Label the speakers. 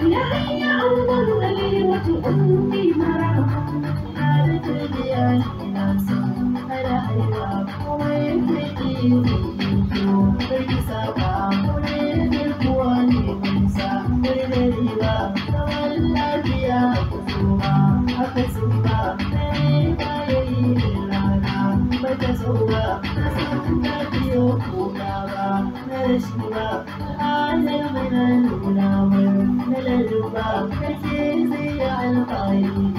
Speaker 1: يا هي أول أميرة أمي مرة
Speaker 2: عادت الديان نفسي أنا حيرة وين
Speaker 3: تجي
Speaker 4: now.